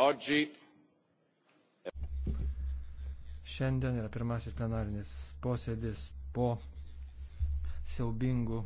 Oggi Šiandien yra pirmasis plenarinis posėdis po siaubingų